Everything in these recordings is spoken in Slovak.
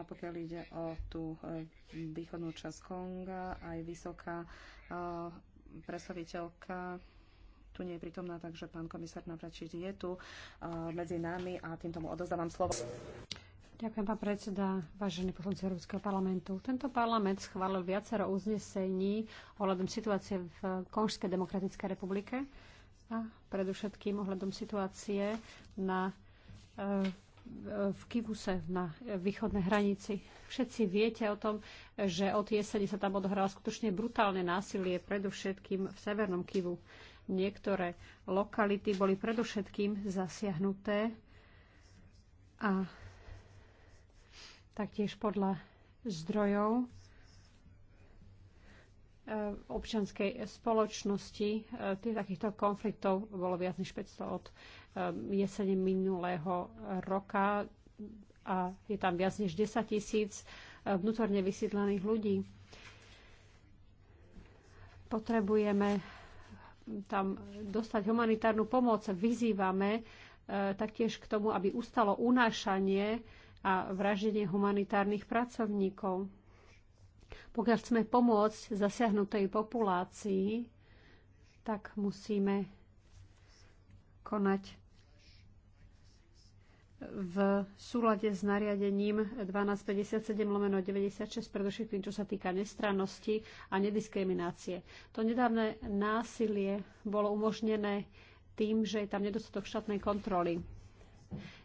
A pokiaľ ide o tú e, východnú časť Konga, aj vysoká e, predstaviteľka tu nie je prítomná, takže pán komisár Navračič je tu e, medzi nami a týmto mu odozdávam slovo. Ďakujem, pán predseda, vážení poslanci Európskeho parlamentu. Tento parlament schválil viacero uznesení ohľadom situácie v Konžskej demokratickej republike a predovšetkým ohľadom situácie na e, v Kivuse na východnej hranici. Všetci viete o tom, že od jesene sa tam odohralo skutočne brutálne násilie, predovšetkým v severnom Kivu. Niektoré lokality boli predovšetkým zasiahnuté a taktiež podľa zdrojov Eh, občianskej spoločnosti. Eh, tých takýchto konfliktov bolo viac než 500 od eh, jesene minulého roka a je tam viac než 10 tisíc vnútorne vysídlených ľudí. Potrebujeme tam dostať humanitárnu pomoc. Vyzývame taktiež k tomu, aby ustalo unášanie a vraždenie humanitárnych pracovníkov. Pokiaľ chceme pomôcť zasiahnutej populácii, tak musíme konať v súlade s nariadením 1257 96, predovšetkým čo sa týka nestrannosti a nediskriminácie. To nedávne násilie bolo umožnené tým, že je tam nedostatok štátnej kontroly.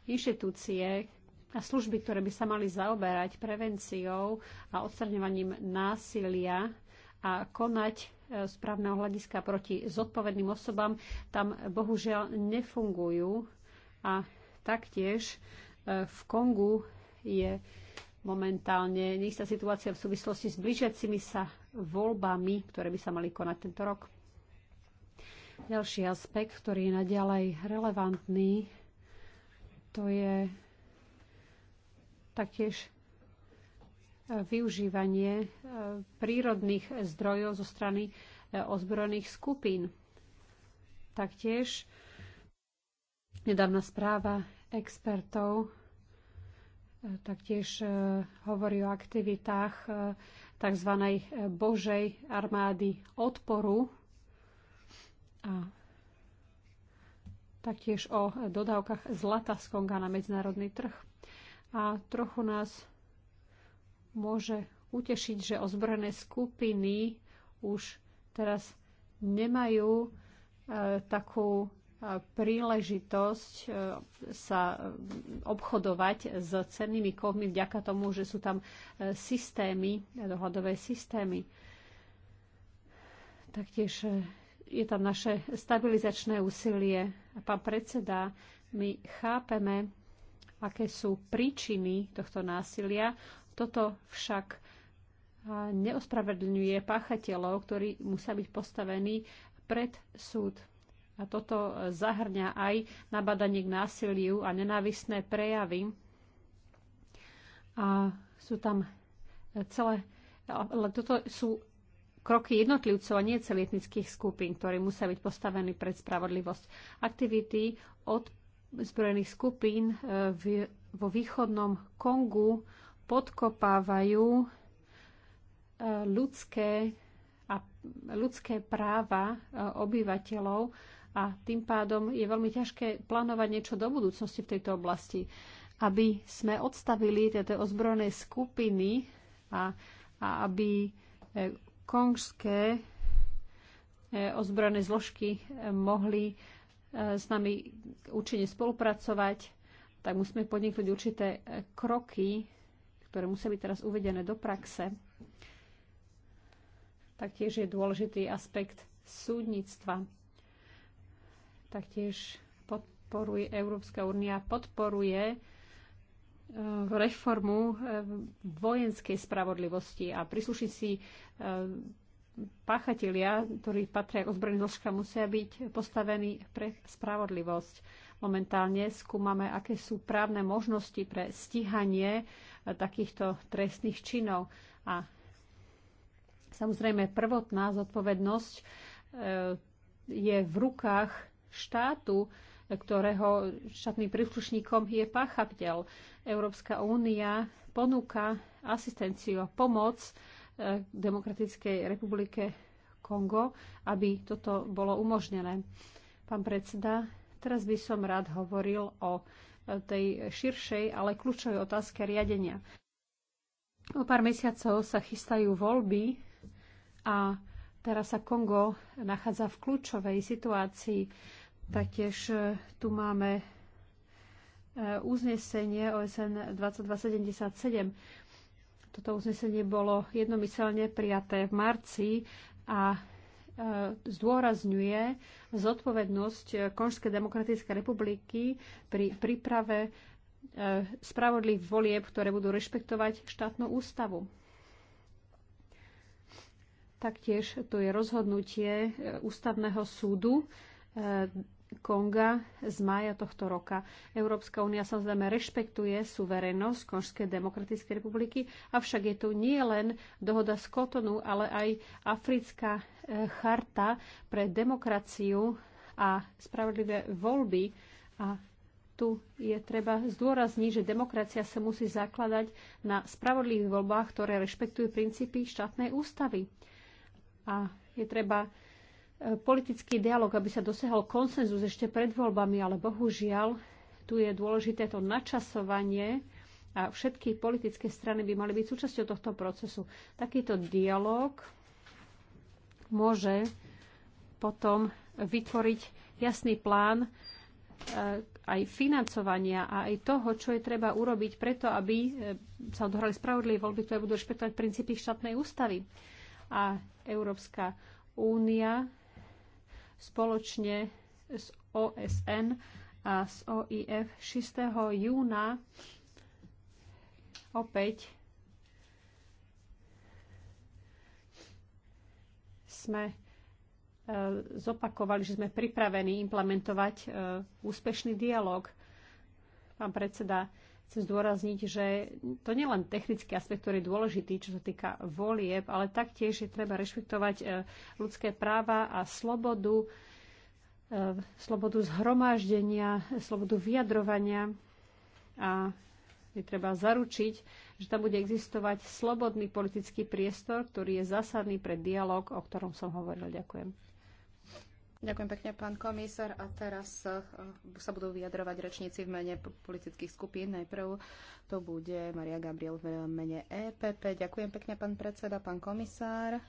Inštitúcie, a služby, ktoré by sa mali zaoberať prevenciou a odstraňovaním násilia a konať správneho e, hľadiska proti zodpovedným osobám, tam bohužiaľ nefungujú. A taktiež e, v Kongu je momentálne neistá situácia v súvislosti s blížiacimi sa voľbami, ktoré by sa mali konať tento rok. Ďalší aspekt, ktorý je naďalej relevantný, to je taktiež e, využívanie e, prírodných zdrojov zo strany e, ozbrojených skupín. Taktiež nedávna správa expertov taktiež hovorí o aktivitách tzv. Božej armády odporu a taktiež o dodávkach zlata z Konga na medzinárodný trh a trochu nás môže utešiť, že ozbrojené skupiny už teraz nemajú e, takú e, príležitosť e, sa e, obchodovať s cennými kovmi vďaka tomu, že sú tam systémy, dohľadové systémy. Taktiež je tam naše stabilizačné úsilie. Pán predseda, my chápeme aké sú príčiny tohto násilia. Toto však neospravedlňuje páchateľov, ktorí musia byť postavení pred súd. A toto zahrňa aj nabadanie k násiliu a nenávisné prejavy. A sú tam e, celé, ale toto sú kroky jednotlivcov a nie celých etnických skupín, ktorí musia byť postavení pred spravodlivosť. Aktivity od zbrojených skupín e, v, vo východnom Kongu podkopávajú e, ľudské, a, ľudské práva e, obyvateľov a tým pádom je veľmi ťažké plánovať niečo do budúcnosti v tejto oblasti. Aby sme odstavili tieto ozbrojené skupiny a, a aby kongské ozbrojené zložky mohli s nami účinne spolupracovať, tak musíme podniknúť určité kroky, ktoré musia byť teraz uvedené do praxe. Taktiež je dôležitý aspekt súdnictva. Taktiež podporuje, Európska únia podporuje e, reformu e, vojenskej spravodlivosti a príslušníci e, páchatelia, ktorí patria k ozbrojeným zložkám, musia byť postavení pre spravodlivosť. Momentálne skúmame, aké sú právne možnosti pre stíhanie e, takýchto trestných činov. A samozrejme, prvotná zodpovednosť e, je v rukách štátu, ktorého štátnym príslušníkom je páchateľ. Európska únia ponúka asistenciu a pomoc k Demokratickej republike Kongo, aby toto bolo umožnené. Pán predseda, teraz by som rád hovoril o tej širšej, ale kľúčovej otázke riadenia. O pár mesiacov sa chystajú voľby a teraz sa Kongo nachádza v kľúčovej situácii. Taktiež e, tu máme e, uznesenie OSN 2277. Toto uznesenie bolo jednomyselne prijaté v marci a e, zdôrazňuje zodpovednosť Konžskej demokratické republiky pri príprave e, spravodlých volieb, ktoré budú rešpektovať štátnu ústavu. Taktiež tu je rozhodnutie e, ústavného súdu Konga z mája tohto roka. Európska únia samozrejme rešpektuje suverénnosť Konžskej demokratickej republiky, avšak je tu nie len dohoda z Kotonu, ale aj africká e, charta pre demokraciu a spravodlivé voľby. A tu je treba zdôrazniť, že demokracia sa musí zakladať na spravodlivých voľbách, ktoré rešpektujú princípy štátnej ústavy. A je treba politický dialog, aby sa dosiahol konsenzus ešte pred voľbami, ale bohužiaľ tu je dôležité to načasovanie a všetky politické strany by mali byť súčasťou tohto procesu. Takýto dialog môže potom vytvoriť jasný plán e, aj financovania a aj toho, čo je treba urobiť preto, aby e, sa odhrali spravodlivé voľby, ktoré budú rešpektovať princípy štátnej ústavy. A Európska únia spoločne s OSN a s OIF 6. júna opäť sme e, zopakovali, že sme pripravení implementovať e, úspešný dialog. Pán predseda, chcem zdôrazniť, že to nie len technický aspekt, ktorý je dôležitý, čo sa týka volieb, ale taktiež je treba rešpektovať e, ľudské práva a slobodu, e, slobodu zhromaždenia, slobodu vyjadrovania a je treba zaručiť, že tam bude existovať slobodný politický priestor, ktorý je zásadný pre dialog, o ktorom som hovoril. Ďakujem. Ďakujem pekne, pán komisár. A teraz eh, eh, sa budú vyjadrovať rečníci v mene politických skupín. Najprv to bude Maria Gabriel v mene EPP. Ďakujem pekne, pán predseda, pán komisár.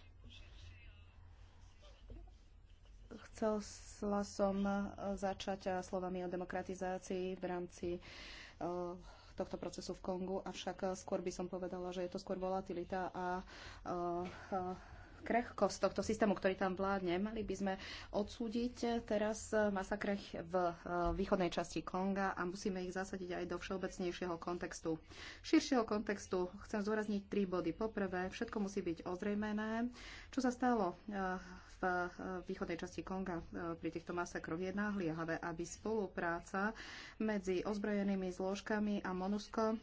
Chcela som eh, začať slovami o demokratizácii v rámci tohto procesu v Kongu, avšak skôr by som povedala, že je to skôr volatilita a, a, a krehkosť tohto systému, ktorý tam vládne. Mali by sme odsúdiť teraz masakre v eh, východnej časti Konga a musíme ich zasadiť aj do všeobecnejšieho kontextu. Širšieho kontextu chcem zúrazniť tri body. Poprvé, všetko musí byť ozrejmené, čo sa stalo eh, v eh, východnej časti Konga pri týchto masakroch. Je náhliavé, aby spolupráca medzi ozbrojenými zložkami a MONUSCO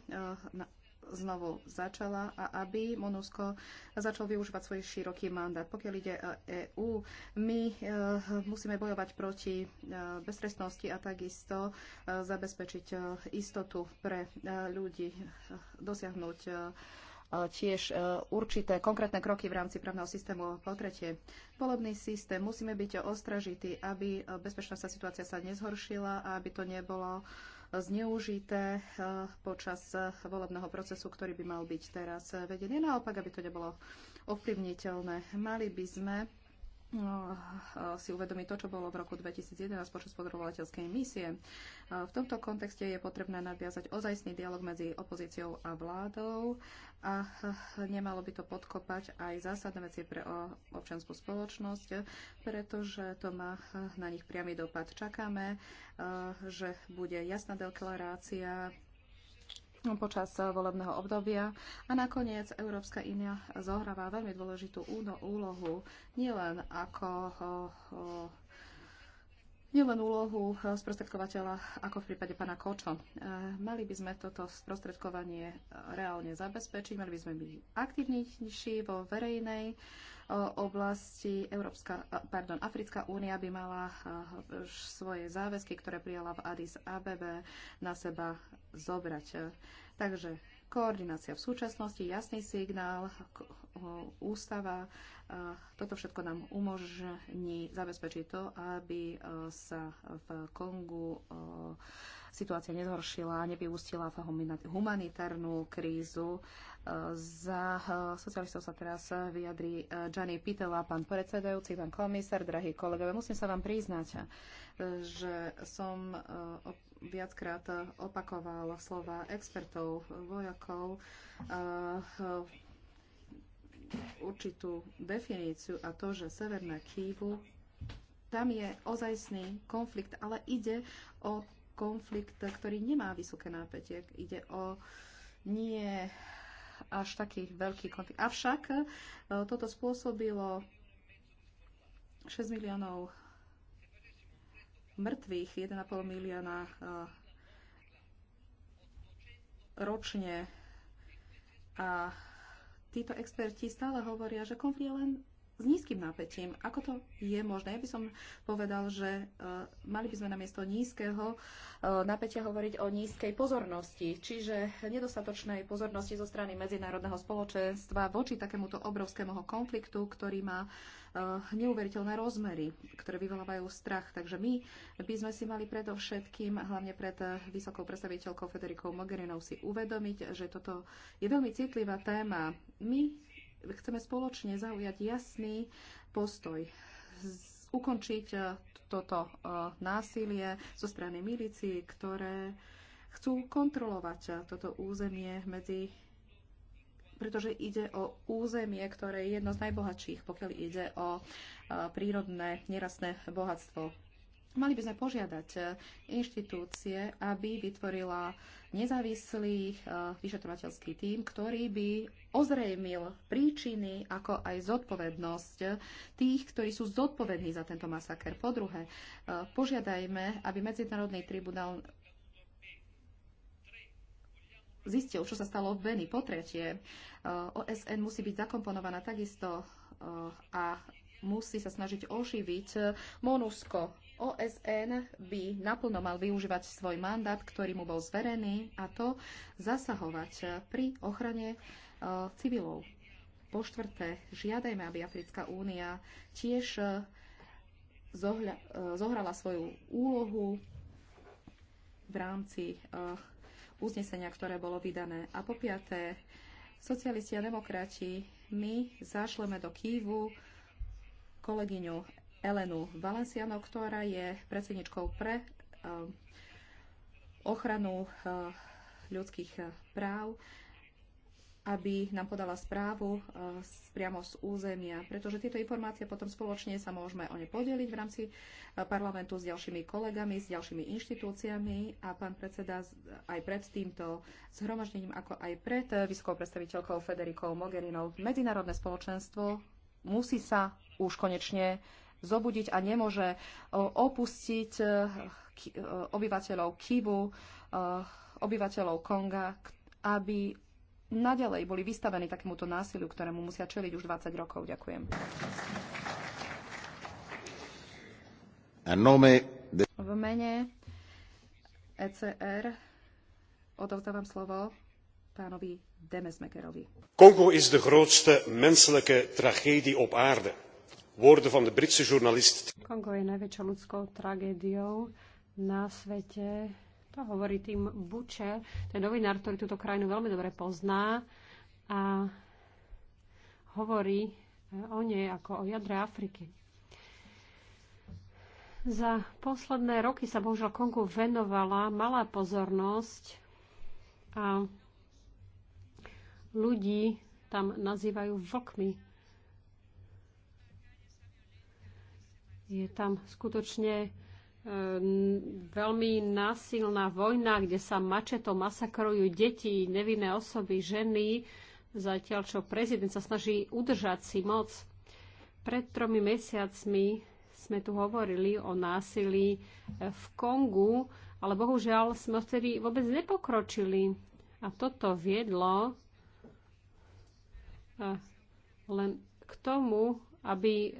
znovu začala a aby Monusko začal využívať svoj široký mandát. Pokiaľ ide o EÚ, my e, musíme bojovať proti e, beztrestnosti a takisto e, zabezpečiť istotu pre ľudí, dosiahnuť tiež určité konkrétne kroky v rámci právneho systému. Po tretie, volebný systém. Musíme byť ostražití, aby sa situácia sa nezhoršila a aby to nebolo uh, zneužité eh, počas eh, volebného procesu, ktorý by mal byť teraz eh, vedený. Naopak, aby to nebolo ovplyvniteľné, mali by sme No, si uvedomí to, čo bolo v roku 2011 počas podrovovateľskej misie. V tomto kontexte je potrebné nadviazať ozajstný dialog medzi opozíciou a vládou a nemalo by to podkopať aj zásadné veci pre občanskú spoločnosť, pretože to má na nich priamy dopad. Čakáme, že bude jasná deklarácia počas volebného obdobia. A nakoniec Európska inia zohráva veľmi dôležitú úlohu nielen ako nielen úlohu sprostredkovateľa, ako v prípade pána Kočo. E, mali by sme toto sprostredkovanie reálne zabezpečiť, mali by sme byť aktivnejší vo verejnej oblasti Európska, pardon, Africká únia by mala svoje záväzky, ktoré prijala v Addis ABB, na seba zobrať. Takže koordinácia v súčasnosti, jasný signál, ústava, toto všetko nám umožní zabezpečiť to, aby e, sa v Kongu e, situácia nezhoršila, nevyústila v humanitárnu krízu za eh, socialistov sa teraz vyjadrí eh, Gianni Pitela, pán predsedajúci, pán komisár, drahí kolegovia. Musím sa vám priznať, eh, že som viackrát opakoval slova expertov, vojakov, určitú definíciu a to, že Severné Kývu, tam je ozajstný konflikt, ale ide o konflikt, ktorý nemá vysoké nápetie. Ide o nie až taký veľký konflikt. Avšak e, toto spôsobilo 6 miliónov mŕtvych, 1,5 milióna e, ročne. A títo experti stále hovoria, že konflikt je len s nízkym napätím. Ako to je možné? Ja by som povedal, že uh, mali by sme namiesto nízkeho uh, napätia hovoriť o nízkej pozornosti, čiže nedostatočnej pozornosti zo strany medzinárodného spoločenstva voči takémuto obrovskému konfliktu, ktorý má uh, neuveriteľné rozmery, ktoré vyvolávajú strach. Takže my by sme si mali predovšetkým, hlavne pred vysokou predstaviteľkou Federikou Mogherinou, si uvedomiť, že toto je veľmi citlivá téma. My chceme spoločne zaujať jasný postoj, ukončiť e, toto e, násilie zo strany milícií, ktoré chcú kontrolovať e, toto územie medzi pretože ide o územie, ktoré je jedno z najbohatších, pokiaľ ide o prírodné nerastné bohatstvo. Mali by sme požiadať e, inštitúcie, aby vytvorila nezávislý e, vyšetrovateľský tím, ktorý by ozrejmil príčiny, ako aj zodpovednosť tých, ktorí sú zodpovední za tento masaker. Po druhé, e, požiadajme, aby Medzinárodný tribunál zistil, čo sa stalo v Beni. Po tretie, OSN musí byť zakomponovaná takisto a musí sa snažiť oživiť MONUSCO OSN by naplno mal využívať svoj mandát, ktorý mu bol zverený, a to zasahovať pri ochrane e, civilov. Po štvrté, žiadajme, aby Africká únia tiež e, e, zohrala svoju úlohu v rámci uznesenia, ktoré bolo vydané. A po piaté, socialisti a demokrati, my zašleme do Kývu kolegyňu Elenu Valenciano, ktorá je predsedničkou pre eh, ochranu eh, ľudských eh, práv, aby nám podala správu priamo z územia, pretože tieto informácie potom spoločne sa môžeme o ne podeliť v rámci parlamentu s ďalšími kolegami, s ďalšími inštitúciami a pán predseda aj pred týmto zhromaždením, ako aj pred vysokou predstaviteľkou Federikou Mogherinou, medzinárodné spoločenstvo musí sa už konečne zobudiť a nemôže e, opustiť e, e, obyvateľov Kivu, obyvateľov Konga, aby naďalej boli vystavení takémuto násiliu, ktorému musia čeliť už 20 rokov. Ďakujem. V mene ECR odovzdávam slovo pánovi Demesmekerovi. Kongo is de grootste menselijke tragedie op aarde woorden van de Britse journalist. Kongo je najväčšou ľudskou tragédiou na svete. To hovorí tým Buče, ten novinár, ktorý túto krajinu veľmi dobre pozná a hovorí eh, o nej ako o jadre Afriky. Za posledné roky sa bohužiaľ Kongu venovala malá pozornosť a ľudí tam nazývajú vlkmi. Je tam skutočne e, veľmi násilná vojna, kde sa mačeto masakrujú deti, nevinné osoby, ženy, zatiaľ čo prezident sa snaží udržať si moc. Pred tromi mesiacmi sme tu hovorili o násilí e, v Kongu, ale bohužiaľ sme vtedy vôbec nepokročili. A toto viedlo e, len k tomu, aby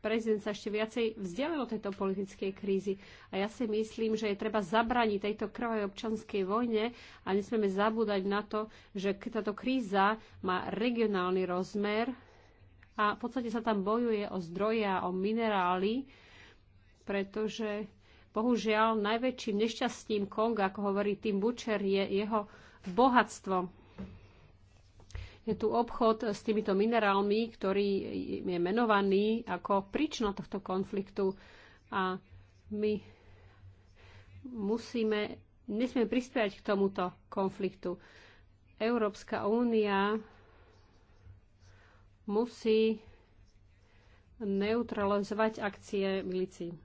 prezident sa ešte viacej vzdialil od tejto politickej krízy. A ja si myslím, že je treba zabraniť tejto krvavej občanskej vojne a nesmieme zabúdať na to, že táto kríza má regionálny rozmer a v podstate sa tam bojuje o zdroje a o minerály, pretože bohužiaľ najväčším nešťastím Konga, ako hovorí Tim Butcher, je jeho bohatstvo je tu obchod s týmito minerálmi, ktorý je menovaný ako príčina tohto konfliktu a my musíme, nesmieme prispiať k tomuto konfliktu. Európska únia musí neutralizovať akcie milícií.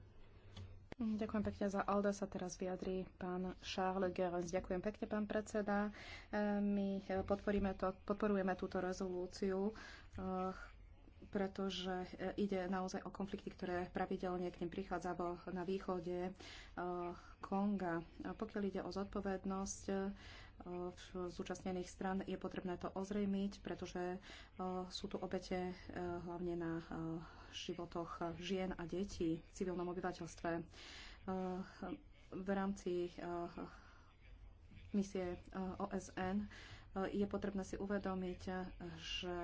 Ďakujem pekne za Alda. Sa teraz vyjadrí pán Charles Gerens. Ďakujem pekne, pán predseda. E, my e, podporíme to, podporujeme túto rezolúciu, e, pretože ide naozaj o konflikty, ktoré pravidelne k nim prichádza na východe Konga. Pokiaľ ide o zodpovednosť, zúčastnených stran je potrebné to ozrejmiť, pretože sú tu obete hlavne na životoch žien a detí v civilnom obyvateľstve. Eh, v rámci eh, misie eh, OSN je potrebné si uvedomiť, že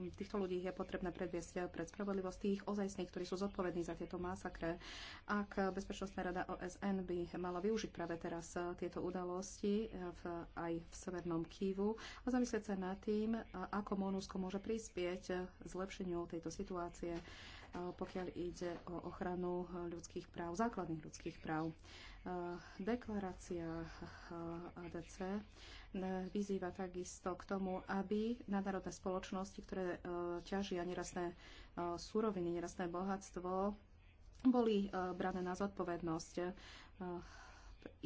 e, týchto ľudí je potrebné predviesť pred spravodlivosť tých ozajstných, ktorí sú zodpovední za tieto masakre. Ak Bezpečnostná rada OSN by mala využiť práve teraz e, tieto udalosti e, v, aj v Severnom Kývu a zamyslieť sa nad tým, ako Monusko môže prispieť zlepšeniu tejto situácie pokiaľ ide o ochranu ľudských práv, základných ľudských práv. Deklarácia ADC E, vyzýva takisto k tomu, aby nadnárodné spoločnosti, ktoré e, ťažia nerastné e, súroviny, nerastné bohatstvo, boli brané na zodpovednosť.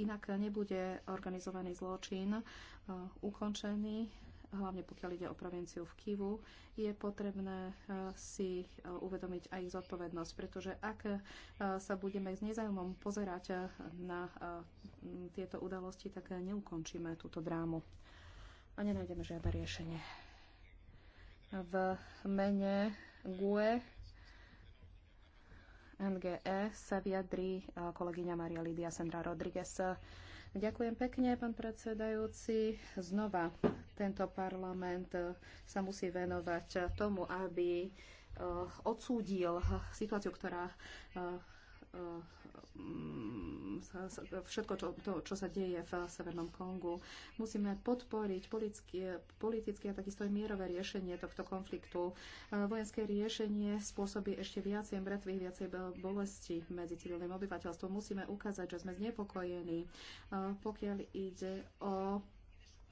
Inak nebude organizovaný zločin ukončený hlavne pokiaľ ide o provinciu v Kivu, je potrebné eh, si eh, uvedomiť aj ich zodpovednosť, pretože ak eh, sa budeme s nezájomom pozerať na tieto udalosti, tak neukončíme túto drámu a nenájdeme žiadne riešenie. V mene GUE NGE sa vyjadrí kolegyňa Maria Lidia Sandra Rodriguez. Ďakujem pekne, pán predsedajúci. Znova tento parlament eh, sa musí venovať eh, tomu, aby eh, odsúdil situáciu, ktorá Eh, mm, všetko, čo, to, čo sa deje v Severnom Kongu. Musíme podporiť politické, politické a takisto aj mierové riešenie tohto konfliktu. Eh, vojenské riešenie spôsobí ešte viacej mŕtvych, viacej bolesti medzi civilným obyvateľstvom. Musíme ukázať, že sme znepokojení, eh, pokiaľ ide o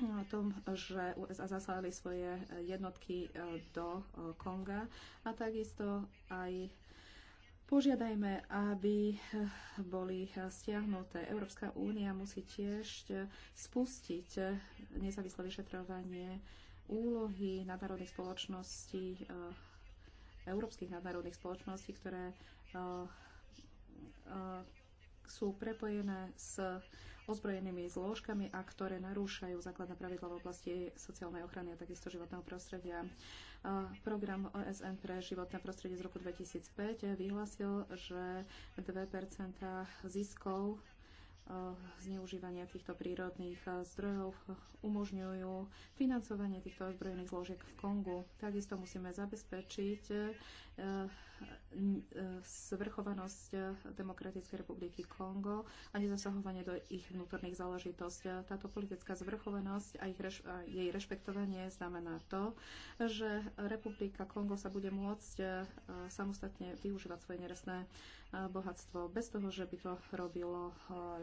o tom, že USA zaslali svoje jednotky do Konga a takisto aj Požiadajme, aby eh, boli eh, stiahnuté. Európska únia musí tiež eh, spustiť nezávislé vyšetrovanie úlohy nadnárodných spoločností, európskych nadnárodných spoločností, ktoré sú prepojené s ozbrojenými zložkami a ktoré narúšajú základné pravidla v oblasti sociálnej ochrany a takisto životného prostredia. Program OSN pre životné prostredie z roku 2005 vyhlásil, že 2 ziskov Eh, zneužívania týchto prírodných eh, zdrojov eh, umožňujú financovanie týchto ozbrojených zložiek v Kongu. Takisto musíme zabezpečiť svrchovanosť Demokratickej republiky Kongo a nezasahovanie do ich vnútorných záležitostí. Táto politická zvrchovanosť a, ich reš- a jej rešpektovanie znamená to, že Republika Kongo sa bude môcť samostatne využívať svoje nerestné bohatstvo bez toho, že by to robilo eh,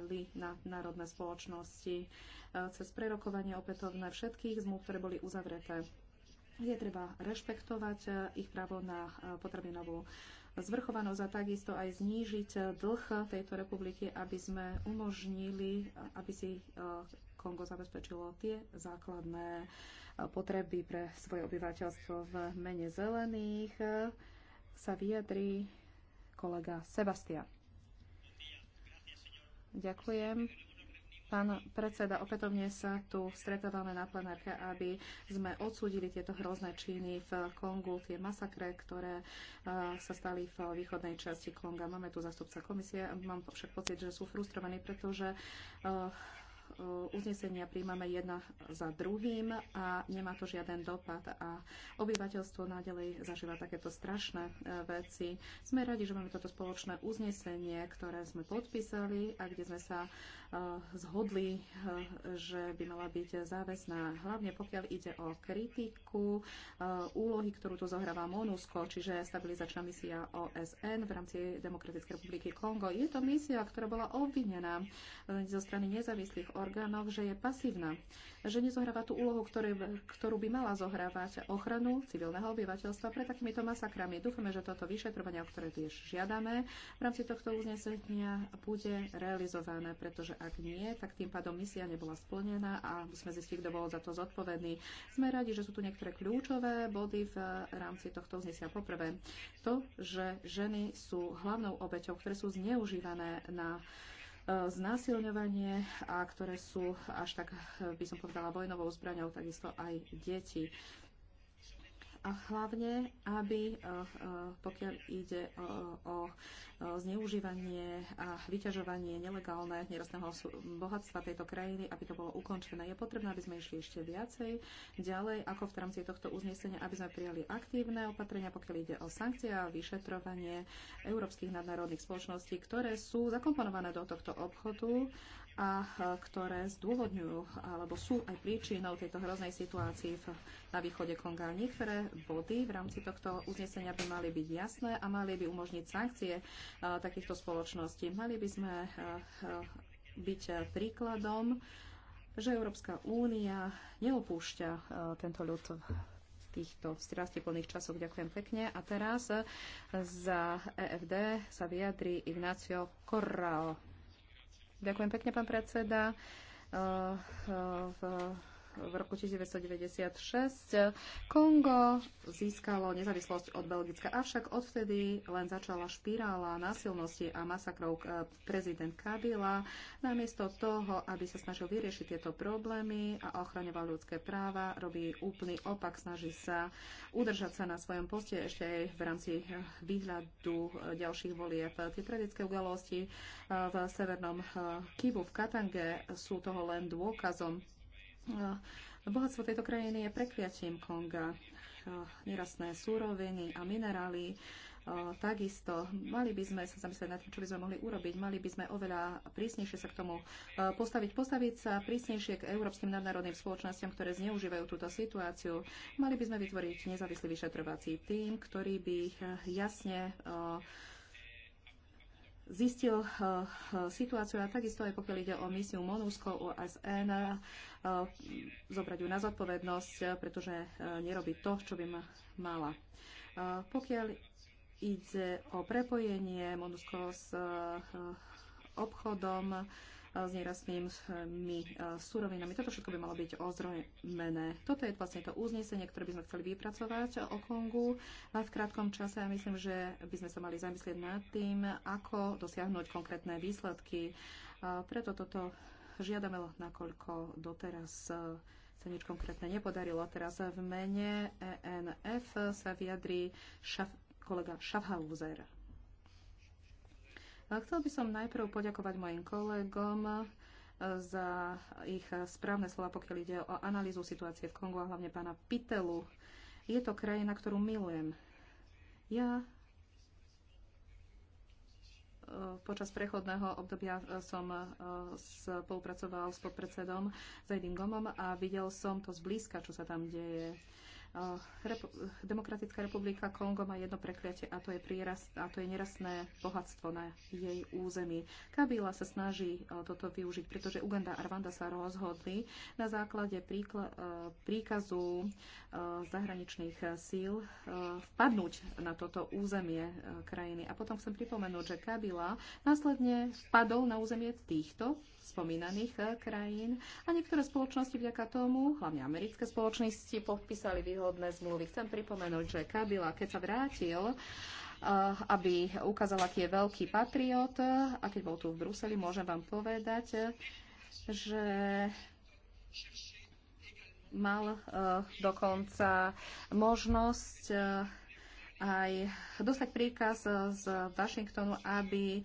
li na národné spoločnosti eh, cez prerokovanie opätovné všetkých zmluv, ktoré boli uzavreté. Je treba rešpektovať eh, ich právo na potravinovú zvrchovanosť a takisto aj znížiť dlh tejto republiky, aby sme umožnili, aby si Kongo zabezpečilo tie základné potreby pre svoje obyvateľstvo v mene zelených sa vyjadri kolega Sebastian. Ďakujem. Pán predseda, opätovne sa tu stretávame na plenárke, aby sme odsúdili tieto hrozné činy v Kongu, tie masakre, ktoré e, sa stali v východnej časti Konga. Máme tu zastupca komisie, mám však pocit, že sú frustrovaní, pretože uh, Eh, uznesenia príjmame jedna za druhým a nemá to žiaden dopad a obyvateľstvo nadalej zažíva takéto strašné eh, veci. Sme radi, že máme toto spoločné uznesenie, ktoré sme podpísali a kde sme sa eh, zhodli, že by mala byť záväzná, hlavne pokiaľ ide o kritiku úlohy, ktorú tu zohráva MONUSCO, čiže stabilizačná misia OSN v rámci Demokratickej republiky Kongo. Je to misia, ktorá bola obvinená zo strany nezávislých orgánov orgánoch, že je pasívna, že nezohráva tú úlohu, ktoré, ktorú by mala zohrávať ochranu civilného obyvateľstva pred takýmito masakrami. Dúfame, že toto vyšetrovanie, o ktoré tiež žiadame, v rámci tohto uznesenia bude realizované, pretože ak nie, tak tým pádom misia nebola splnená a sme zistili, kto bol za to zodpovedný. Sme radi, že sú tu niektoré kľúčové body v rámci tohto uznesenia. Poprvé, to, že ženy sú hlavnou obeťou, ktoré sú zneužívané na znásilňovanie a ktoré sú až tak, by som povedala, vojnovou zbraňou, takisto aj deti a hlavne, aby eh, eh, pokiaľ ide o, o zneužívanie a vyťažovanie nelegálne nerastného bohatstva tejto krajiny, aby to bolo ukončené. Je potrebné, aby sme išli ešte viacej ďalej, ako v rámci tohto uznesenia, aby sme prijali aktívne opatrenia, pokiaľ ide o sankcie a vyšetrovanie európskych nadnárodných spoločností, ktoré sú zakomponované do tohto obchodu a ktoré zdôvodňujú alebo sú aj príčinou tejto hroznej situácii v, na východe Konga. Niektoré body v rámci tohto uznesenia by mali byť jasné a mali by umožniť sankcie a, takýchto spoločností. Mali by sme a, a, byť príkladom, že Európska únia neopúšťa tento ľud týchto strastiplných časoch. Ďakujem pekne. A teraz za EFD sa vyjadri Ignacio Corral. Ďakujem pekne, pán predseda. Eh, eh, v v roku 1996 eh, Kongo získalo nezávislosť od Belgicka, avšak odvtedy len začala špirála násilnosti a masakrov eh, prezident Kabila. Namiesto toho, aby sa snažil vyriešiť tieto problémy a ochraňoval ľudské práva, robí úplný opak, snaží sa udržať sa na svojom poste ešte aj v rámci eh, výhľadu ďalších volieb. Tie tragické udalosti v severnom Kivu v Katange sú toho len dôkazom Bohatstvo tejto krajiny je prekliatím Konga. Nerastné súroviny a minerály takisto mali by sme sa zamyslieť na tým, čo by sme mohli urobiť. Mali by sme oveľa prísnejšie sa k tomu postaviť. Postaviť sa prísnejšie k európskym nadnárodným spoločnostiam, ktoré zneužívajú túto situáciu. Mali by sme vytvoriť nezávislý vyšetrovací tým, ktorý by jasne uh, zistil eh, eh, situáciu a takisto aj pokiaľ ide o misiu MONUSCO, OSN, eh, zobrať ju na zodpovednosť, pretože nerobí to, čo by mala. Pokiaľ ide o prepojenie MONUSCO s obchodom, s nerastnými e, surovinami. Toto všetko by malo byť ozromené. Toto je vlastne to uznesenie, ktoré by sme chceli vypracovať o Kongu v krátkom čase a myslím, že by sme sa mali zamyslieť nad tým, ako dosiahnuť konkrétne výsledky. Preto toto žiadame, nakoľko doteraz sa nič konkrétne nepodarilo. Teraz v mene ENF sa vyjadrí šaf, kolega Schaffhauser. Chcel by som najprv poďakovať mojim kolegom eh, za ich správne slova, pokiaľ ide o analýzu situácie v Kongu a hlavne pána Pitelu. Je to krajina, ktorú milujem. Ja eh, počas prechodného obdobia eh, som spolupracoval s podpredsedom Zajdim Gomom a videl som to zblízka, čo sa tam deje. Eh, Repu- Demokratická republika Kongo má jedno prekliatie a to je, prieraz, a to je nerastné bohatstvo na jej území. Kabila sa snaží eh, toto využiť, pretože Uganda a Rwanda sa rozhodli na základe eh, príkazu zahraničných síl vpadnúť na toto územie krajiny. A potom chcem pripomenúť, že Kabila následne vpadol na územie týchto spomínaných krajín a niektoré spoločnosti vďaka tomu, hlavne americké spoločnosti, podpísali výhľad dôveryhodné zmluvy. Chcem pripomenúť, že Kabila, keď sa vrátil, eh, aby ukázal, aký je veľký patriot, a keď bol tu v Bruseli, môžem vám povedať, že mal eh, dokonca možnosť eh, aj dostať príkaz z Washingtonu, aby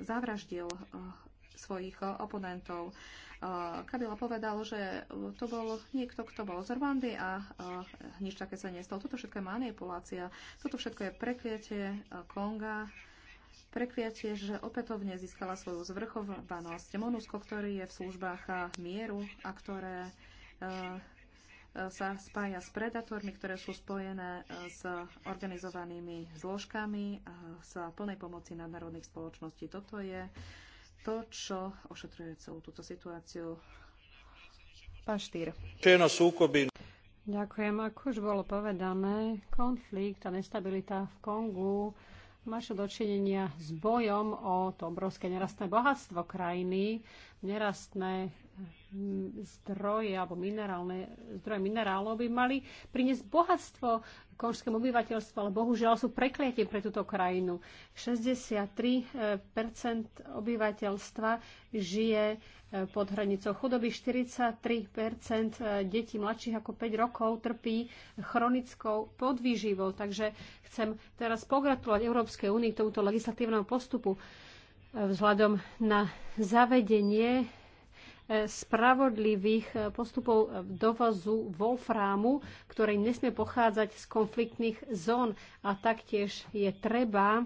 zavraždil svojich oponentov. Kabila povedal, že to bol niekto, kto bol z Rwandy a nič také sa nestalo. Toto všetko je manipulácia, toto všetko je prekvietie e, Konga, prekvietie, že opätovne získala svoju zvrchovanosť Monusko, ktorý je v službách mieru a ktoré e, e, sa spája s predátormi, ktoré sú spojené s organizovanými zložkami a s plnej pomoci nadnárodných spoločností. Toto je to, čo ošetruje celú túto situáciu. Pán Štýr. Ďakujem. Ako už bolo povedané, konflikt a nestabilita v Kongu máš dočinenia s bojom o to obrovské nerastné bohatstvo krajiny, nerastné zdroje alebo minerálne, zdroje minerálov by mali priniesť bohatstvo konžskému obyvateľstvu, ale bohužiaľ sú prekliatie pre túto krajinu. 63 obyvateľstva žije eh, pod hranicou chudoby, 43 eh, detí mladších ako 5 rokov trpí chronickou podvýživou. Takže chcem teraz pogratulovať Európskej únii k tomuto legislatívnemu postupu eh, vzhľadom na zavedenie spravodlivých eh, postupov eh, dovozu Wolframu, ktorý nesmie pochádzať z konfliktných zón. A taktiež je treba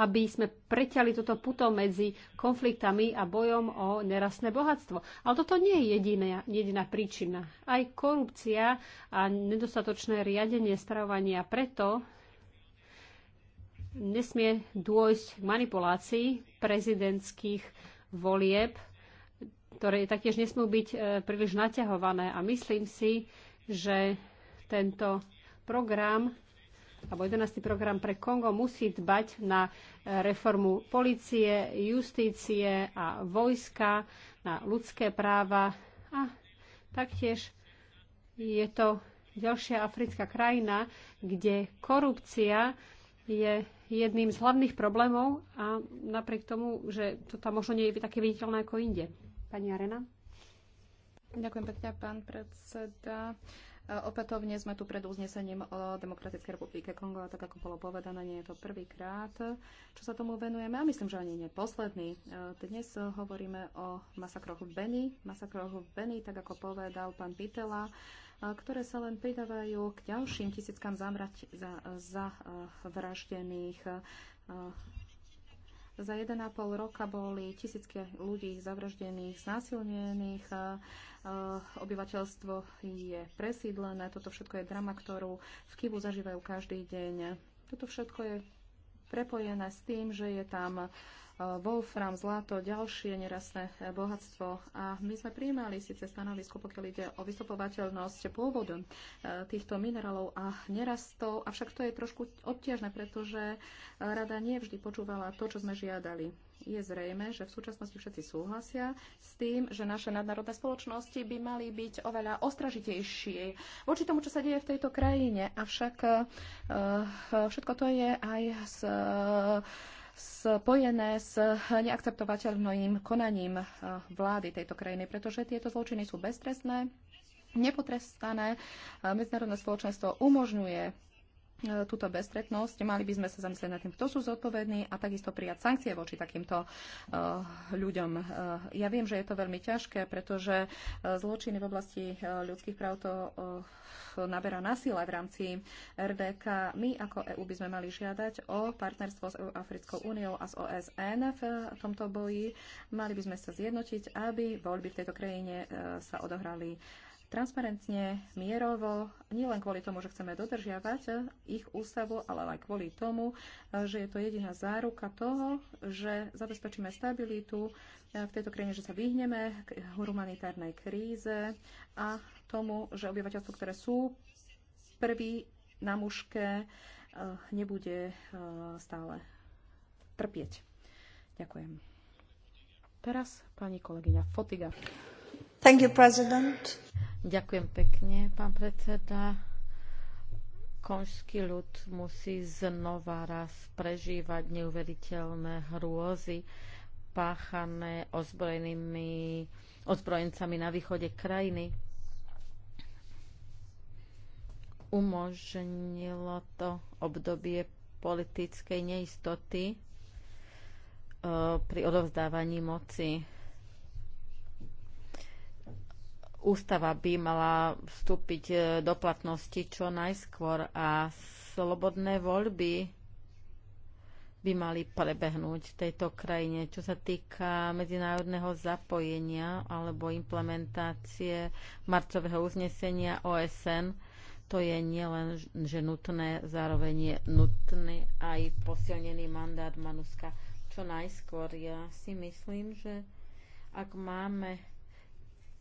aby sme preťali toto puto medzi konfliktami a bojom o nerastné bohatstvo. Ale toto nie je jediná, jediná príčina. Aj korupcia a nedostatočné riadenie stravovania preto nesmie dôjsť k manipulácii prezidentských volieb ktoré taktiež nesmú byť e, príliš naťahované. A myslím si, že tento program alebo 11. program pre Kongo musí dbať na e, reformu policie, justície a vojska, na ľudské práva a taktiež je to ďalšia africká krajina, kde korupcia je jedným z hlavných problémov a napriek tomu, že to tam možno nie je také viditeľné ako inde. Pani Arena. Ďakujem pekne, pán predseda. E, opätovne sme tu pred uznesením o Demokratickej republike Kongo a tak ako bolo povedané, nie je to prvýkrát, čo sa tomu venujeme a myslím, že ani nie posledný. E, dnes hovoríme o masakroch v Beni, masakroch v Beni, tak ako povedal pán Pitela, e, ktoré sa len pridávajú k ďalším tisíckam zamrať, za, za vraždených za 1,5 roka boli tisícky ľudí zavraždených, znásilnených, obyvateľstvo je presídlené, toto všetko je drama, ktorú v Kivu zažívajú každý deň. Toto všetko je prepojené s tým, že je tam e, wolfram, zlato, ďalšie nerastné e, bohatstvo. A my sme prijímali síce stanovisko, pokiaľ ide o vystupovateľnosť pôvodu e, týchto minerálov a nerastov, avšak to je trošku obťažné, pretože rada nie vždy počúvala to, čo sme žiadali je zrejme, že v súčasnosti všetci súhlasia s tým, že naše nadnárodné spoločnosti by mali byť oveľa ostražitejšie voči tomu, čo sa deje v tejto krajine. Avšak eh, všetko to je aj s spojené s neakceptovateľným konaním eh, vlády tejto krajiny, pretože tieto zločiny sú beztrestné, nepotrestané. Eh, medzinárodné spoločenstvo umožňuje E, túto bezstretnosť. mali by sme sa zamyslieť nad tým, kto sú zodpovední a takisto prijať sankcie voči takýmto e, ľuďom. E, ja viem, že je to veľmi ťažké, pretože zločiny v oblasti ľudských práv to naberá na sile v rámci RDK. My ako EÚ by sme mali žiadať o partnerstvo s Africkou úniou a s OSN v tomto boji. Mali by sme sa zjednotiť, aby voľby v tejto krajine sa odohrali transparentne, mierovo, nielen kvôli tomu, že chceme dodržiavať ich ústavu, ale aj kvôli tomu, že je to jediná záruka toho, že zabezpečíme stabilitu v tejto krajine, že sa vyhneme k humanitárnej kríze a tomu, že obyvateľstvo, ktoré sú prvý na mužke, eh, nebude eh, stále trpieť. Ďakujem. Teraz pani kolegyňa Fotiga. Thank you, President. Ďakujem pekne, pán predseda. Konžský ľud musí znova raz prežívať neuveriteľné hrôzy páchané ozbrojenými ozbrojencami na východe krajiny. Umožnilo to obdobie politickej neistoty eh, pri odovzdávaní moci ústava by mala vstúpiť e, do platnosti čo najskôr a slobodné voľby by mali prebehnúť v tejto krajine. Čo sa týka medzinárodného zapojenia alebo implementácie marcového uznesenia OSN, to je nielen že nutné, zároveň je nutný aj posilnený mandát Manuska. Čo najskôr ja si myslím, že ak máme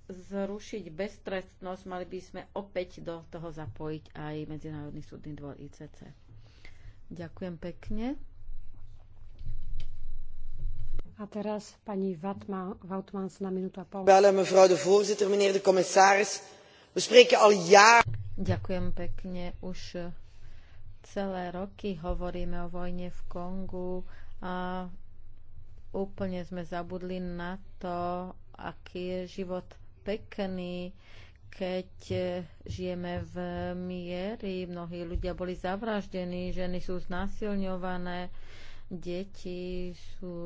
zrušiť beztrestnosť, mali by sme opäť do toho zapojiť aj Medzinárodný súdny dvor ICC. Ďakujem pekne. A teraz pani Woutmans na minútu a pol. mevrouw de voorzitter, meneer de commissaris. We spreken al jaar... Ďakujem pekne. Už eh, celé roky hovoríme o vojne v Kongu a úplne sme zabudli na to, aký je život pekný, keď e, žijeme v miery. Mnohí ľudia boli zavraždení, ženy sú znásilňované, deti sú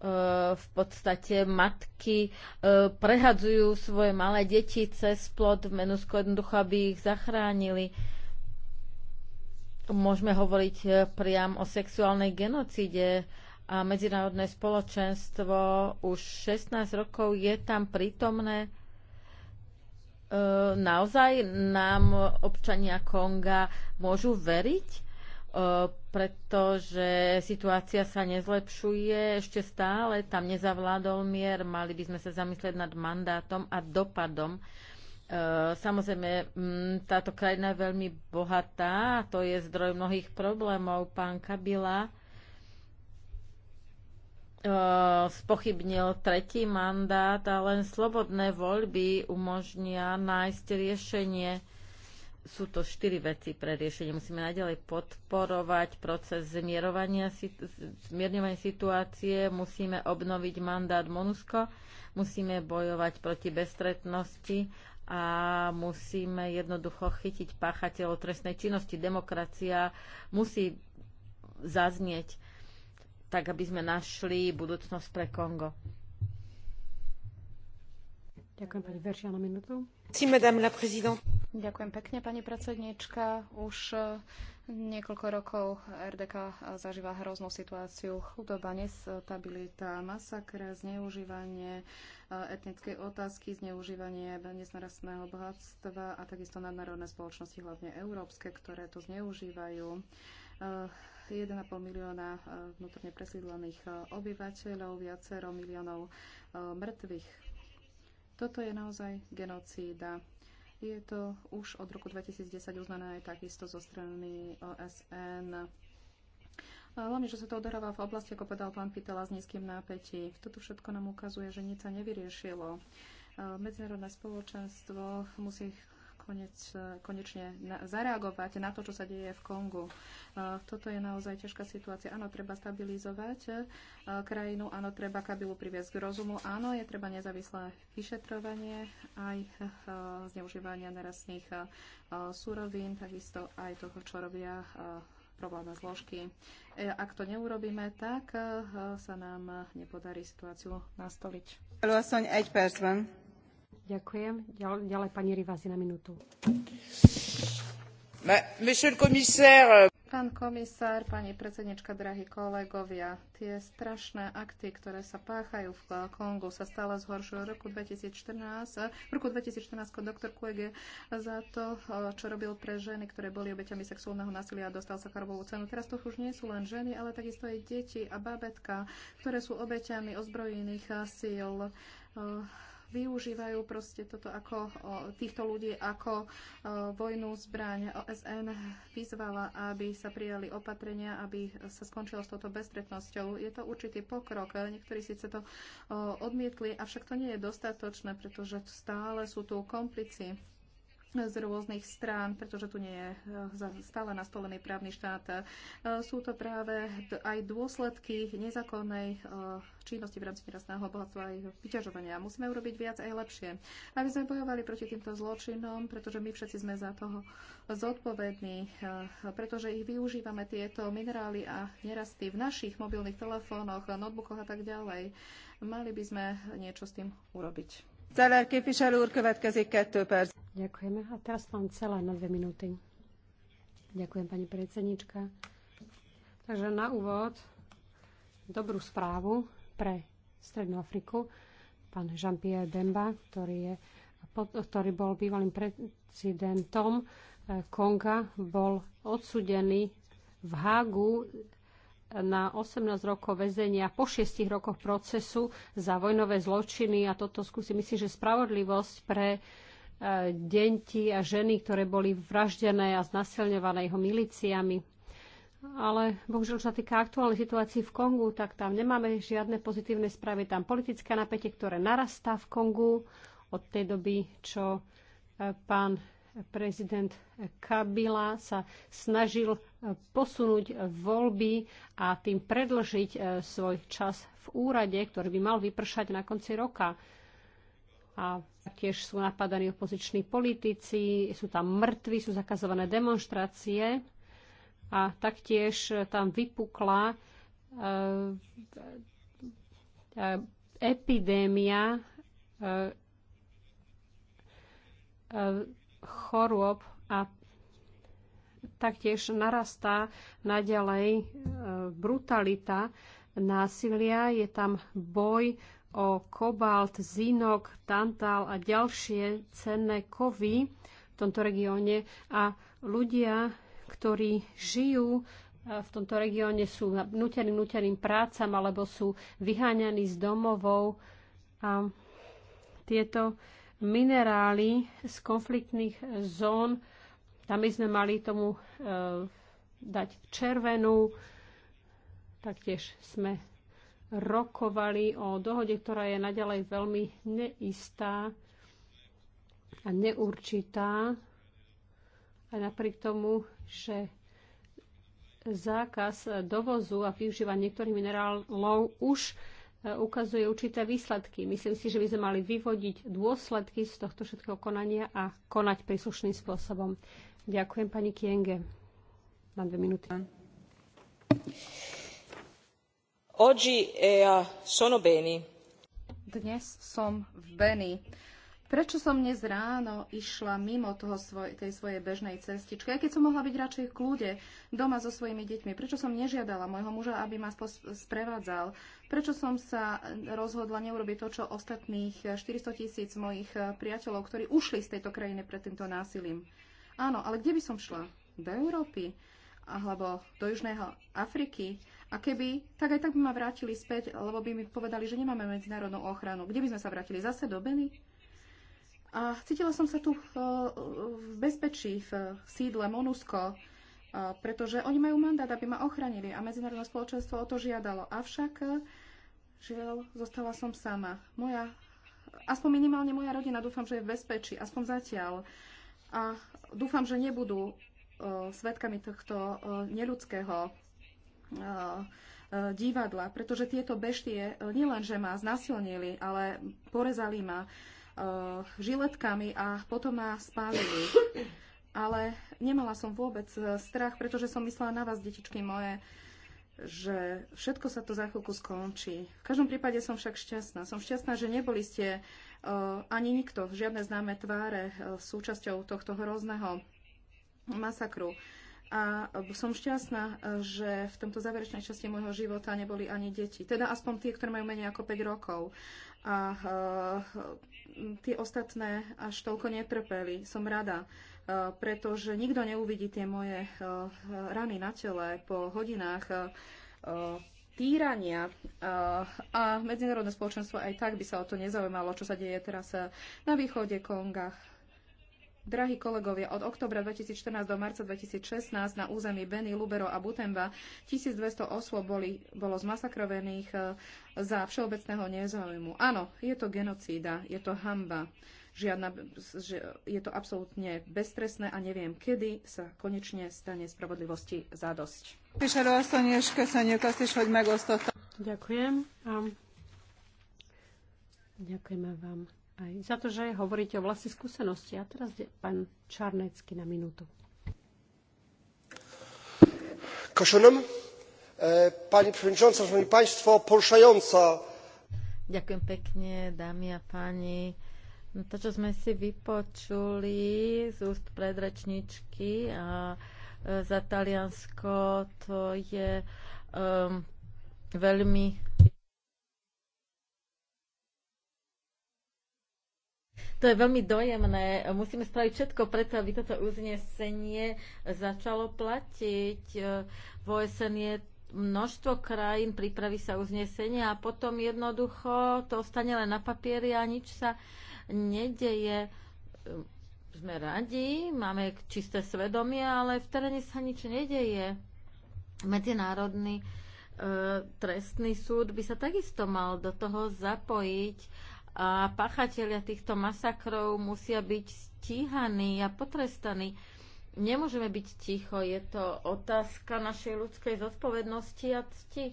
e, v podstate matky e, prehadzujú svoje malé deti cez plod v menusku jednoducho, aby ich zachránili. Môžeme hovoriť priam o sexuálnej genocíde a medzinárodné spoločenstvo už 16 rokov je tam prítomné. E, naozaj nám občania Konga môžu veriť? E, pretože situácia sa nezlepšuje, ešte stále tam nezavládol mier, mali by sme sa zamyslieť nad mandátom a dopadom. E, samozrejme, táto krajina je veľmi bohatá, to je zdroj mnohých problémov. Pán Kabila Eh, spochybnil tretí mandát a len slobodné voľby umožnia nájsť riešenie. Sú to štyri veci pre riešenie. Musíme naďalej podporovať proces zmierňovania situácie, musíme obnoviť mandát MONUSCO, musíme bojovať proti bestretnosti a musíme jednoducho chytiť páchateľov trestnej činnosti. Demokracia musí zaznieť tak aby sme našli budúcnosť pre Kongo. Ďakujem pani Veršia na minútu. Si, madame la présidente. Ďakujem pekne, pani predsednička. Už eh, niekoľko rokov RDK zažíva hroznú situáciu. Chudoba, nestabilita, masakra, zneužívanie eh, etnickej otázky, zneužívanie nesnerastného bohatstva a takisto nadnárodné spoločnosti, hlavne európske, ktoré to zneužívajú eh, 1,5 milióna e, vnútorne presídlených e, obyvateľov, viacero miliónov e, mŕtvych. Toto je naozaj genocída. Je to už od roku 2010 uznané aj takisto zo strany OSN. Hlavne, že sa to odohráva v oblasti, ako povedal pán Pitela, s nízkym nápetí. Toto všetko nám ukazuje, že nič sa nevyriešilo. Medzinárodné spoločenstvo musí konec, konečne na, zareagovať na to, čo sa deje v Kongu. E, toto je naozaj ťažká situácia. Áno, treba stabilizovať e, krajinu, áno, treba Kabilu priviesť k rozumu, áno, je treba nezávislé vyšetrovanie aj e, zneužívania nerastných súrovín, takisto aj toho, čo robia problémne zložky. Ak to neurobíme, tak sa nám nepodarí situáciu nastoliť. Előasszony, Ďakujem. Ďalej, ďalej pani Rivasi na minútu. Euh, Pán komisár, pani predsednička, drahí kolegovia, tie strašné akty, ktoré sa páchajú v Kongu, sa stále zhoršujú. V roku 2014, v roku 2014 doktor Kuege za to, eh, čo robil pre ženy, ktoré boli obeťami sexuálneho násilia a dostal sa karbovú cenu. Teraz to už nie sú len ženy, ale takisto aj deti a babetka, ktoré sú obeťami ozbrojených eh, síl eh, využívajú proste toto ako, o, týchto ľudí ako o, vojnú zbraň. OSN vyzvala, aby sa prijali opatrenia, aby sa skončilo s touto bezstretnosťou. Je to určitý pokrok. Niektorí síce to o, odmietli, avšak to nie je dostatočné, pretože stále sú tu komplici z rôznych strán, pretože tu nie je eh, stále nastolený právny štát. Eh, sú to práve aj dôsledky nezákonnej eh, činnosti v rámci nerastného bohatstva aj vyťažovania. Musíme urobiť viac aj lepšie, aby sme bojovali proti týmto zločinom, pretože my všetci sme za toho zodpovední, pretože ich využívame tieto minerály a nerasty v našich mobilných telefónoch, notebookoch a tak ďalej. Mali by sme niečo s tým urobiť. Celer képviselő úr következik 2 perc. Ďakujeme. A teraz mám celé na dve minúty. Ďakujem, pani predsednička. Takže na úvod dobrú správu pre Strednú Afriku. Pán Jean-Pierre Demba, ktorý, je, ktorý bol bývalým prezidentom eh, Konga, bol odsudený v Hagu na 18 rokov väzenia po 6 rokoch procesu za vojnové zločiny a toto skúsi myslím, že spravodlivosť pre e, deti a ženy, ktoré boli vraždené a znasilňované jeho milíciami. Ale bohužiaľ, čo sa týka aktuálnej situácii v Kongu, tak tam nemáme žiadne pozitívne správy. Tam politické napätie, ktoré narastá v Kongu od tej doby, čo e, pán prezident Kabila sa snažil posunúť voľby a tým predlžiť e, svoj čas v úrade, ktorý by mal vypršať na konci roka. A tiež sú napadaní opoziční politici, sú tam mŕtvi, sú zakazované demonstrácie a taktiež tam vypukla e, e, epidémia chorôb a taktiež narastá naďalej e, brutalita násilia. Je tam boj o kobalt, zinok, tantál a ďalšie cenné kovy v tomto regióne. A ľudia, ktorí žijú e, v tomto regióne, sú nuteným, nuteným prácam alebo sú vyháňaní z domovou. A tieto minerály z konfliktných zón tam by sme mali tomu e, dať červenú. Taktiež sme rokovali o dohode, ktorá je naďalej veľmi neistá a neurčitá. Aj napriek tomu, že zákaz dovozu a využívania niektorých minerálov už e, ukazuje určité výsledky. Myslím si, že by sme mali vyvodiť dôsledky z tohto všetkého konania a konať príslušným spôsobom. Ďakujem pani Kienge. Mám dve minúty. Oggi eh, sono Beni. Dnes som v Beni. Prečo som dnes ráno išla mimo toho svoj, tej svojej bežnej cestičky, aj keď som mohla byť radšej v kľude doma so svojimi deťmi? Prečo som nežiadala môjho muža, aby ma sprevádzal? Prečo som sa rozhodla neurobiť to, čo ostatných 400 tisíc mojich priateľov, ktorí ušli z tejto krajiny pred týmto násilím? Áno, ale kde by som šla? Do Európy? Alebo do Južného Afriky? A keby, tak aj tak by ma vrátili späť, lebo by mi povedali, že nemáme medzinárodnú ochranu. Kde by sme sa vrátili? Zase do Beny? A cítila som sa tu eh, v bezpečí, v sídle Monusko, eh, pretože oni majú mandát, aby ma ochránili a medzinárodné spoločenstvo o to žiadalo. Avšak, eh, žiaľ, zostala som sama. Moja, aspoň minimálne moja rodina, dúfam, že je v bezpečí, aspoň zatiaľ. A dúfam, že nebudú e, svetkami tohto e, neľudského e, divadla, pretože tieto beštie nielenže ma znasilnili, ale porezali ma žiletkami a potom ma spálili. Ale nemala som vôbec strach, pretože som myslela na vás, detičky moje, že všetko sa to za chvíľku skončí. V každom prípade som však šťastná. Som šťastná, že neboli ste E, ani nikto, žiadne známe tváre e, súčasťou tohto hrozného masakru. A som šťastná, e, že v tomto záverečnej časti môjho života neboli ani deti. Teda aspoň tie, ktoré majú menej ako 5 rokov. A tie ostatné až toľko netrpeli. Som rada, pretože nikto neuvidí tie moje rany na tele po hodinách týrania eh, a medzinárodné spoločenstvo aj tak by sa o to nezaujímalo, čo sa deje teraz eh, na východe Konga. Drahí kolegovia, od oktobra 2014 do marca 2016 na území Beny, Lubero a Butemba 1200 osôb boli, bolo zmasakrovených eh, za všeobecného nezaujmu. Áno, je to genocída, je to hamba žiadna, že je to absolútne beztresné a neviem, kedy sa konečne stane spravodlivosti zádosť. Ďakujem. A ďakujeme vám aj za to, že hovoríte o vlastnej skúsenosti. A teraz je pán Čarnecký na minútu. Košenom. E, pani Przewodnicząca, Szanowni Państwo, poruszająca. Ďakujem pekne, dámy a páni No to, čo sme si vypočuli z úst predrečničky a e, za Taliansko, to je um, veľmi To je veľmi dojemné. Musíme spraviť všetko preto, aby toto uznesenie začalo platiť. E, v OSN je množstvo krajín, pripraví sa uznesenie a potom jednoducho to ostane len na papieri a nič sa uh, nedeje. Sme radi, máme čisté svedomie, ale v teréne sa nič nedeje. Medzinárodný e, trestný súd by sa takisto mal do toho zapojiť a pachatelia týchto masakrov musia byť stíhaní a potrestaní. Nemôžeme byť ticho, je to otázka našej ľudskej zodpovednosti a cti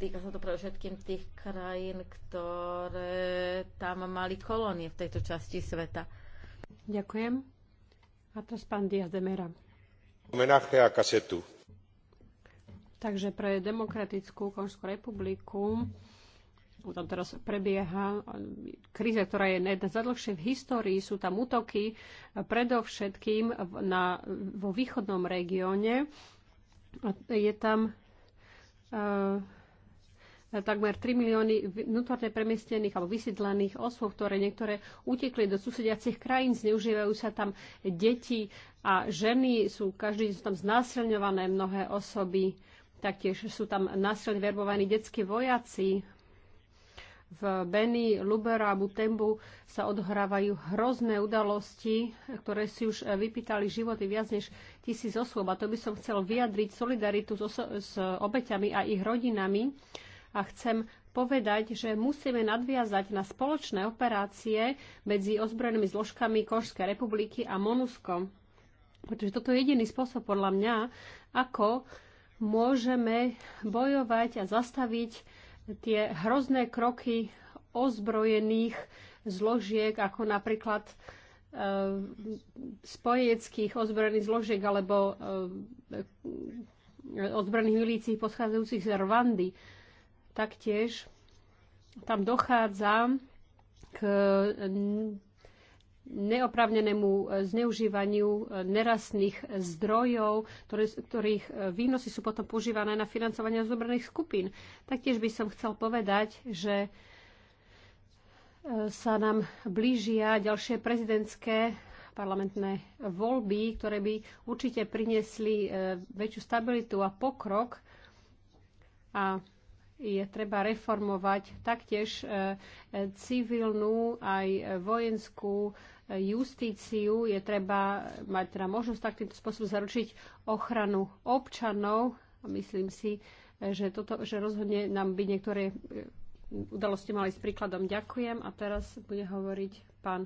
týka sa to predovšetkým tých krajín, ktoré tam mali kolónie v tejto časti sveta. Ďakujem. A to pán Diaz de Mera. Homenaje a kasetu. Takže pre Demokratickú Konžskú republiku tam teraz prebieha kríza, ktorá je jedna za dlhšie v histórii. Sú tam útoky predovšetkým na, vo východnom regióne. Je tam uh, takmer 3 milióny vnútorne premiestnených alebo vysídlených osôb, ktoré niektoré utekli do susediacich krajín, zneužívajú sa tam deti a ženy, sú každý sú tam znásilňované mnohé osoby, taktiež sú tam násilne verbovaní detskí vojaci. V Beni, Lubera a Butembu sa odhrávajú hrozné udalosti, ktoré si už vypýtali životy viac než tisíc osôb. A to by som chcel vyjadriť solidaritu s, s obeťami a ich rodinami a chcem povedať, že musíme nadviazať na spoločné operácie medzi ozbrojenými zložkami Korskej republiky a MONUSKom. Pretože toto je jediný spôsob, podľa mňa, ako môžeme bojovať a zastaviť tie hrozné kroky ozbrojených zložiek, ako napríklad e, eh, spojeckých ozbrojených zložiek alebo e, ozbrojených milícií poschádzajúcich z Rwandy taktiež tam dochádza k neoprávnenému zneužívaniu nerastných zdrojov, ktoré, ktorých výnosy sú potom používané na financovanie zobraných skupín. Taktiež by som chcel povedať, že e, sa nám blížia ďalšie prezidentské parlamentné voľby, ktoré by určite priniesli e, väčšiu stabilitu a pokrok. A je treba reformovať taktiež e, civilnú aj vojenskú e, justíciu. Je treba mať teda možnosť takýmto spôsobom zaručiť ochranu občanov. Myslím si, e, že, toto, že rozhodne nám by niektoré udalosti mali s príkladom. Ďakujem a teraz bude hovoriť pán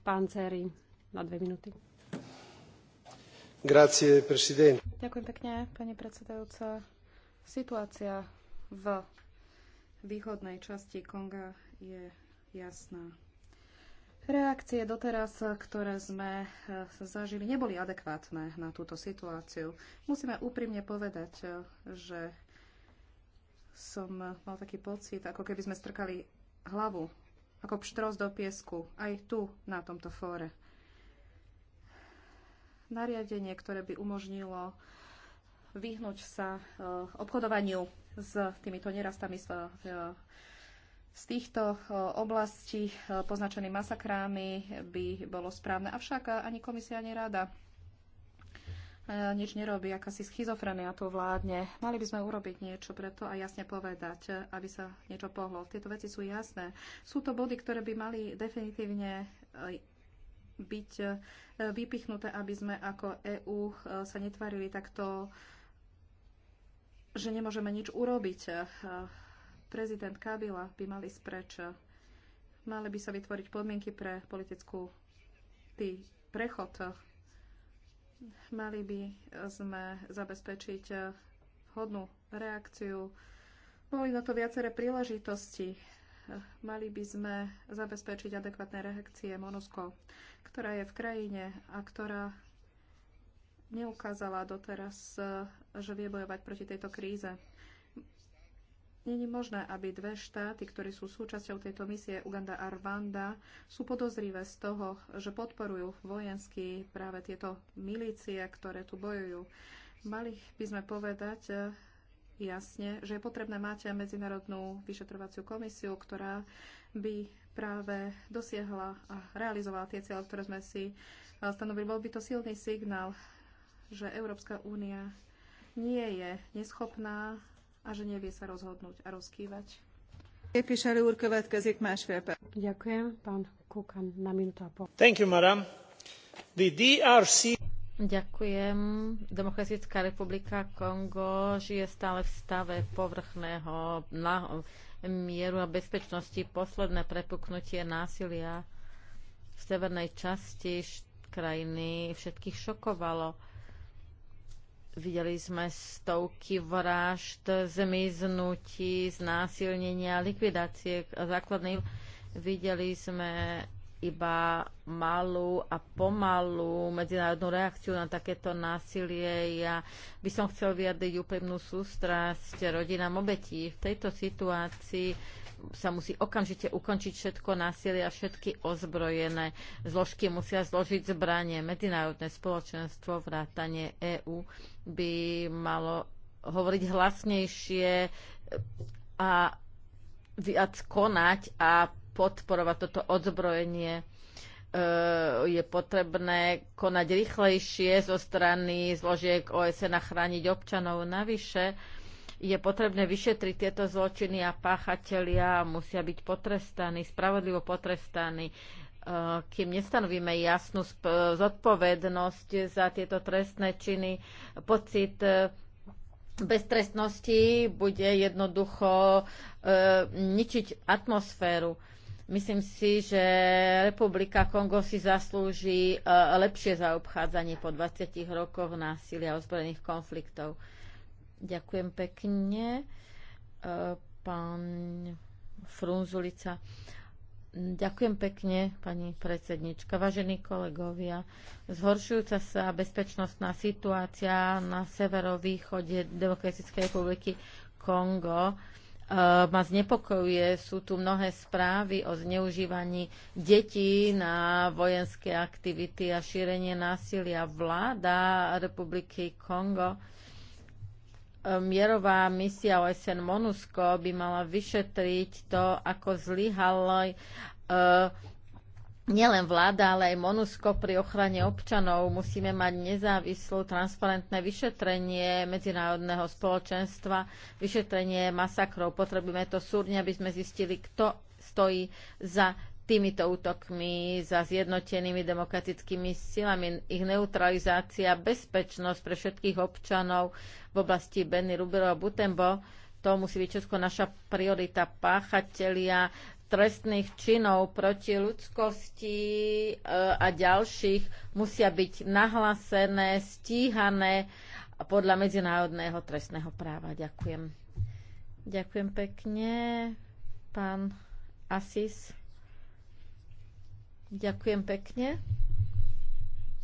Panceri na dve minúty. Grazie, Ďakujem pekne, pani predsedajúca. Situácia v východnej časti Konga je jasná. Reakcie doteraz, ktoré sme e, zažili, neboli adekvátne na túto situáciu. Musíme úprimne povedať, e, že som mal taký pocit, ako keby sme strkali hlavu, ako pštros do piesku, aj tu, na tomto fóre. Nariadenie, ktoré by umožnilo vyhnúť sa e, obchodovaniu s týmito nerastami z, e, z týchto e, oblastí e, poznačených masakrámi by bolo správne. Avšak ani komisia, ani ráda nič nerobí, akási schizofrenia tu vládne. Mali by sme urobiť niečo preto a jasne povedať, aby sa niečo pohlo. Tieto veci sú jasné. Sú to body, ktoré by mali definitívne byť vypichnuté, aby sme ako EÚ sa netvarili takto že nemôžeme nič urobiť. Prezident Kabila by mal ísť preč. Mali by sa vytvoriť podmienky pre politickú tý prechod. Mali by sme zabezpečiť vhodnú reakciu. Boli na to viaceré príležitosti. Mali by sme zabezpečiť adekvátne reakcie Monusko, ktorá je v krajine a ktorá neukázala doteraz, eh, že vie bojovať proti tejto kríze. Není možné, aby dve štáty, ktoré sú súčasťou tejto misie, Uganda a Rwanda, sú podozrivé z toho, že podporujú vojensky práve tieto milície, ktoré tu bojujú. Mali by sme povedať eh, jasne, že je potrebné mať medzinárodnú vyšetrovaciu komisiu, ktorá by práve dosiahla a realizovala tie cieľe, ktoré sme si eh, stanovili. Bol by to silný signál že Európska únia nie je neschopná a že nevie sa rozhodnúť a rozkývať. Ďakujem, pán Kukan, na minútu a pol. Thank you, madam. The DRC... Ďakujem. Demokratická republika Kongo žije stále v stave povrchného mieru a bezpečnosti. Posledné prepuknutie násilia v severnej časti krajiny všetkých šokovalo Videli sme stovky vražd, zmiznutí, znásilnenia, likvidácie základnej. Videli sme iba malú a pomalú medzinárodnú reakciu na takéto násilie. Ja by som chcel vyjadriť úplnú sústrasť rodinám obetí. V tejto situácii sa musí okamžite ukončiť všetko násilie a všetky ozbrojené zložky musia zložiť zbranie. Medzinárodné spoločenstvo, vrátanie EÚ by malo hovoriť hlasnejšie a viac konať a podporovať toto odzbrojenie e, je potrebné konať rýchlejšie zo strany zložiek OSN a chrániť občanov. Navyše, je potrebné vyšetriť tieto zločiny a páchatelia musia byť potrestaní, spravodlivo potrestaní e, kým nestanovíme jasnú zodpovednosť za tieto trestné činy, pocit e, beztrestnosti bude jednoducho e, ničiť atmosféru. Myslím si, že Republika Kongo si zaslúži lepšie zaobchádzanie po 20 rokoch násilia a ozbrojených konfliktov. Ďakujem pekne. E, pán Frunzulica. Ďakujem pekne, pani predsednička. Vážení kolegovia, zhoršujúca sa bezpečnostná situácia na severovýchode Demokratickej republiky Kongo e, ma znepokojuje. Sú tu mnohé správy o zneužívaní detí na vojenské aktivity a šírenie násilia vláda Republiky Kongo E, mierová misia OSN MONUSCO by mala vyšetriť to, ako zlyhala uh, e, nielen vláda, ale aj Monusko pri ochrane občanov. Musíme mať nezávislú, transparentné vyšetrenie medzinárodného spoločenstva, vyšetrenie masakrov. Potrebujeme to súrne, aby sme zistili, kto stojí za týmito útokmi za zjednotenými demokratickými silami, ich neutralizácia, bezpečnosť pre všetkých občanov v oblasti Benny Rubilo a Butembo, to musí byť Česko naša priorita páchatelia trestných činov proti ľudskosti eh, a ďalších musia byť nahlásené, stíhané podľa medzinárodného trestného práva. Ďakujem. Ďakujem pekne, pán Asis. Ďakujem pekne.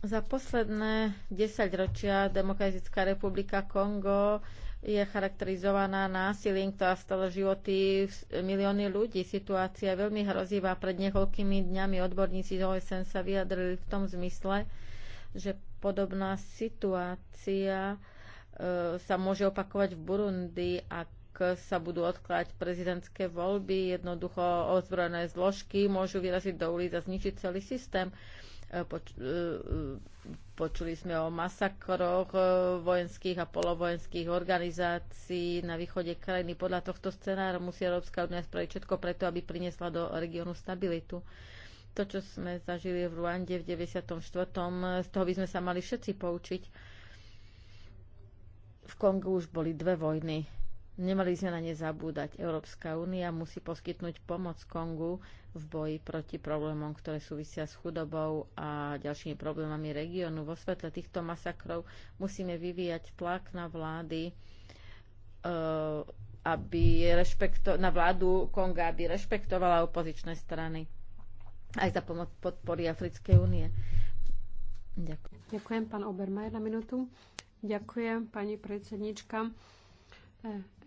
Za posledné 10 ročia Demokratická republika Kongo je charakterizovaná násilím, ktorá stala životy milióny ľudí. Situácia je veľmi hrozivá. Pred niekoľkými dňami odborníci z OSN sa vyjadrili v tom zmysle, že podobná situácia e, sa môže opakovať v Burundi, ak ak sa budú odkladať prezidentské voľby, jednoducho ozbrojené zložky môžu vyraziť do ulic a zničiť celý systém. E, poč- e, počuli sme o masakroch e, vojenských a polovojenských organizácií na východe krajiny. Podľa tohto scenára musí Európska únia spraviť všetko preto, aby priniesla do regiónu stabilitu. To, čo sme zažili v Ruande v 94., z toho by sme sa mali všetci poučiť. V Kongu už boli dve vojny Nemali sme na ne zabúdať. Európska únia musí poskytnúť pomoc Kongu v boji proti problémom, ktoré súvisia s chudobou a ďalšími problémami regiónu. Vo svetle týchto masakrov musíme vyvíjať tlak na vlády, e, aby rešpekto- na vládu Konga, aby rešpektovala opozičné strany aj za pomoc podpory Africkej únie. Ďakujem. Ďakujem, pán Obermajer, na minútu. Ďakujem, pani predsednička.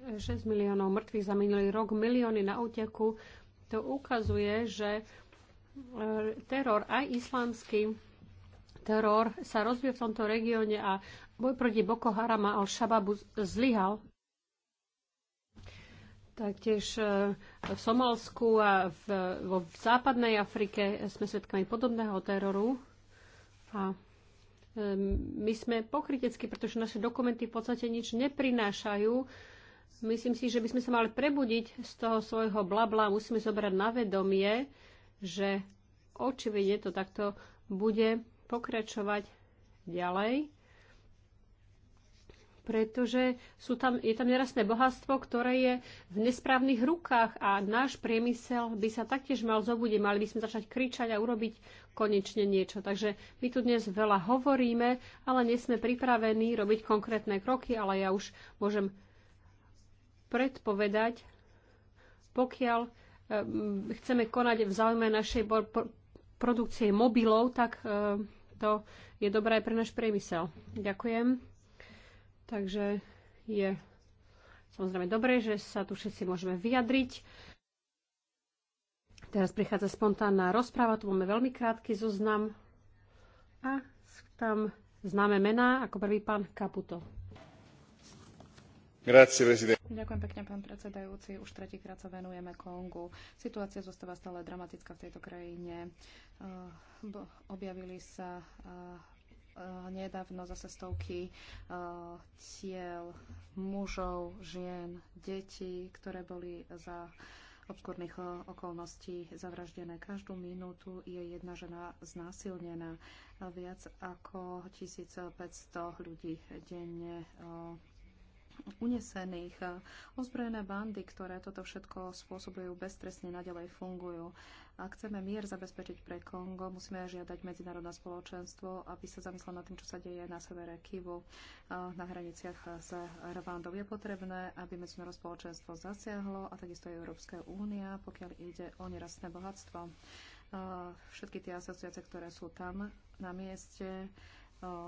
6 miliónov mŕtvych za minulý rok, milióny na úteku. To ukazuje, že e, teror, aj islamský teror, sa rozvíja v tomto regióne a boj proti Boko Haram a Al-Shababu zlyhal. Taktiež e, v Somalsku a v, vo v západnej Afrike sme svedkami podobného teroru. A Ehm, my sme pokriteckí, pretože naše dokumenty v podstate nič neprinášajú. Myslím si, že by sme sa mali prebudiť z toho svojho blabla. Musíme zobrať na vedomie, že očividne to takto bude pokračovať ďalej pretože sú tam, je tam nerastné bohatstvo, ktoré je v nesprávnych rukách a náš priemysel by sa taktiež mal zobudiť. Mali by sme začať kričať a urobiť konečne niečo. Takže my tu dnes veľa hovoríme, ale nie sme pripravení robiť konkrétne kroky, ale ja už môžem predpovedať, pokiaľ ehm, chceme konať v záujme našej produkcie mobilov, tak ehm, to je dobré aj pre náš priemysel. Ďakujem. Takže je samozrejme dobré, že sa tu všetci môžeme vyjadriť. Teraz prichádza spontánna rozpráva, tu máme veľmi krátky zoznam a tam známe mená, ako prvý pán Kaputo. Ďakujem pekne, pán predsedajúci. Už tretíkrát sa venujeme Kongu. Situácia zostáva stále dramatická v tejto krajine. Eh, objavili sa eh, nedávno zase stovky e, tiel mužov, žien, detí, ktoré boli za obskúrnych e, okolností zavraždené. Každú minútu je jedna žena znásilnená. Viac ako 1500 ľudí denne e, unesených. Ozbrojené bandy, ktoré toto všetko spôsobujú beztresne, naďalej fungujú. Ak chceme mier zabezpečiť pre Kongo, musíme žiadať medzinárodné spoločenstvo, aby sa zamyslelo nad tým, čo sa deje na severe Kivu, eh, na hraniciach s Rwandou. Je potrebné, aby medzinárodné spoločenstvo zasiahlo a takisto aj Európska únia, pokiaľ ide o nerastné bohatstvo. Eh, všetky tie asociácie, ktoré sú tam na mieste,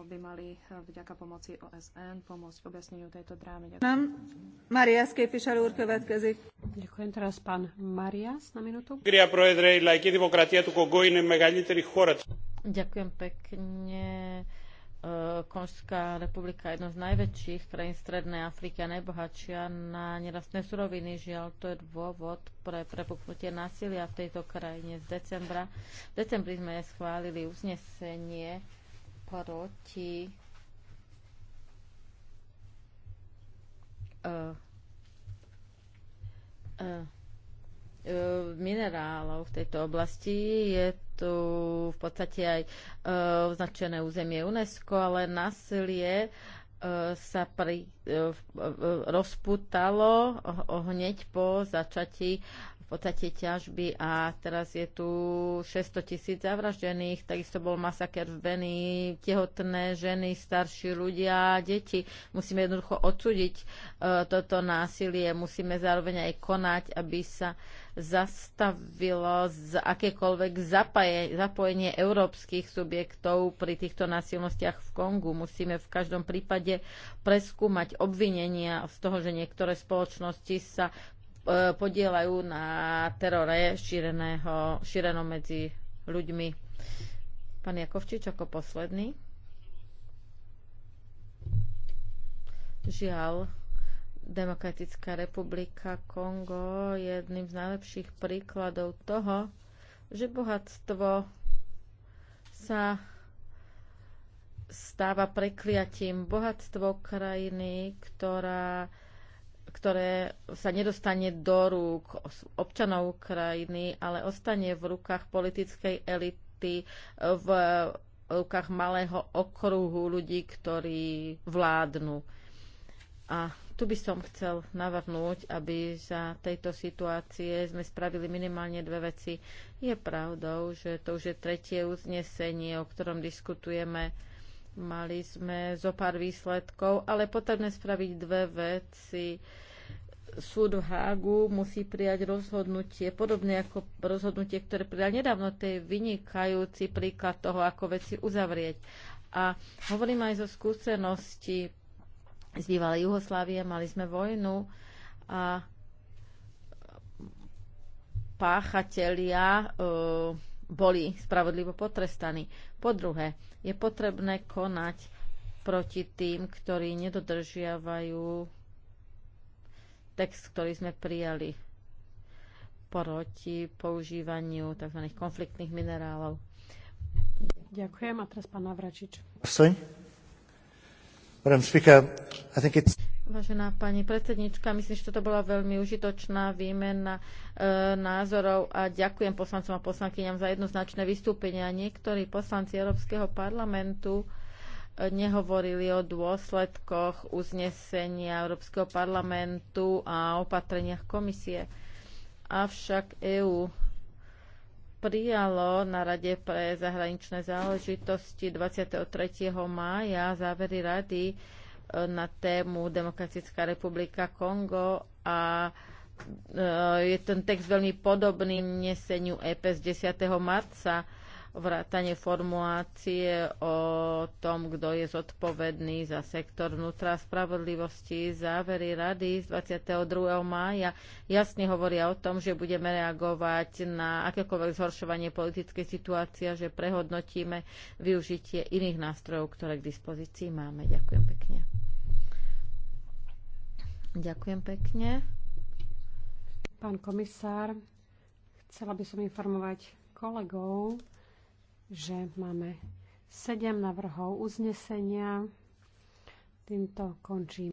by mali e, vďaka pomoci OSN pomôcť v objasneniu tejto drámy. Ďakujem. Maria képviselő úr Ďakujem teraz pán Marias na minútu. Ďakujem pekne. Konžská republika je jedno z najväčších krajín Strednej Afriky a najbohatšia na nerastné suroviny. Žiaľ, to je dôvod pre prepuknutie násilia v tejto krajine z decembra. V decembri sme schválili uznesenie proti uh, uh, minerálov v tejto oblasti. Je tu v podstate aj uh, označené územie UNESCO, ale násilie uh, sa pri, e, rozputalo hneď po začatí v podstate ťažby a teraz je tu 600 tisíc zavraždených, takisto bol masaker v Beni, tehotné ženy, starší ľudia, deti. Musíme jednoducho odsúdiť e, toto násilie, musíme zároveň aj konať, aby sa e, zastavilo z akékoľvek zapaje, zapojenie európskych subjektov pri týchto násilnostiach v Kongu. Musíme v každom prípade preskúmať obvinenia z toho, že niektoré spoločnosti sa e, podielajú na terore šíreného, šírenom medzi ľuďmi. Pán Jakovčič ako posledný. Žiaľ, Demokratická republika Kongo je jedným z najlepších príkladov toho, že bohatstvo sa stáva prekliatím. Bohatstvo krajiny, ktorá, ktoré sa nedostane do rúk občanov krajiny, ale ostane v rukách politickej elity, v rukách malého okruhu ľudí, ktorí vládnu. A tu by som chcel navrhnúť, aby za tejto situácie sme spravili minimálne dve veci. Je pravdou, že to už je tretie uznesenie, o ktorom diskutujeme. Mali sme zo pár výsledkov, ale potrebné spraviť dve veci. Súd v Hágu musí prijať rozhodnutie, podobne ako rozhodnutie, ktoré prijal nedávno. To je vynikajúci príklad toho, ako veci uzavrieť. A hovorím aj zo skúsenosti z bývalej Juhoslávie, mali sme vojnu a páchatelia e, boli spravodlivo potrestaní. Po druhé, je potrebné konať proti tým, ktorí nedodržiavajú text, ktorý sme prijali proti používaniu tzv. konfliktných minerálov. Ďakujem a teraz pán Navračič. Vstaň. Vážená pani predsednička, myslím, že toto bola veľmi užitočná výmena e, názorov a ďakujem poslancom a poslankyňam za jednoznačné vystúpenia. Niektorí poslanci Európskeho parlamentu e, nehovorili o dôsledkoch uznesenia Európskeho parlamentu a opatreniach komisie. Avšak EÚ prijalo na Rade pre zahraničné záležitosti 23. mája závery rady e, na tému Demokratická republika Kongo a e, je ten text veľmi podobný neseniu EP z 10. marca vrátanie formulácie o tom, kto je zodpovedný za sektor vnútra spravodlivosti. Závery rady z 22. mája jasne hovoria o tom, že budeme reagovať na akékoľvek zhoršovanie politickej situácie a že prehodnotíme využitie iných nástrojov, ktoré k dispozícii máme. Ďakujem pekne. Ďakujem pekne. Pán komisár, chcela by som informovať kolegov, že máme 7 navrhov uznesenia. Týmto končím.